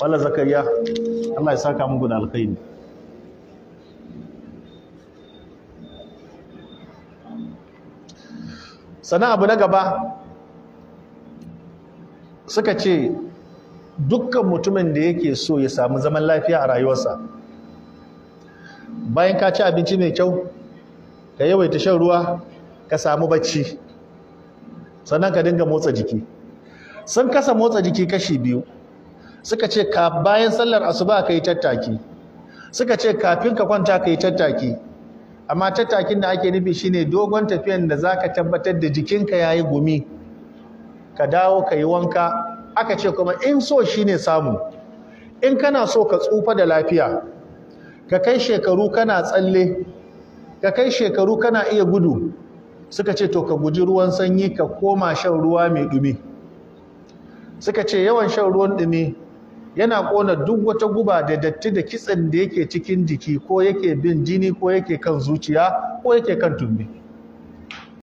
Wala zakariya Allah ya saka muku da alkhairi sana abu na gaba suka ce dukkan mutumin da yake so ya samu zaman lafiya a rayuwarsa bayan ka ci abinci mai kyau ka yawaita shan ruwa ka samu bacci sannan ka dinga motsa jiki sun kasa motsa jiki kashi biyu suka ce ka bayan sallar asuba ka yi tattaki suka ce kafin ka kwanta ka yi tattaki amma tattakin da ake nufi shine dogon tafiyan da za ka tabbatar da jikinka ya yi gumi ka dawo ka yi wanka aka ce kuma in so shine samu in kana so ka tsufa da lafiya ka kai shekaru kana tsalle ka kai shekaru kana iya gudu suka ce to ka guji ruwan sanyi ka koma shan ruwa mai dumi suka ce yawan shan ruwan dumi yana kona duk wata guba da datti da kitsen da yake cikin jiki ko yake bin jini ko yake kan zuciya ko yake kan tumbi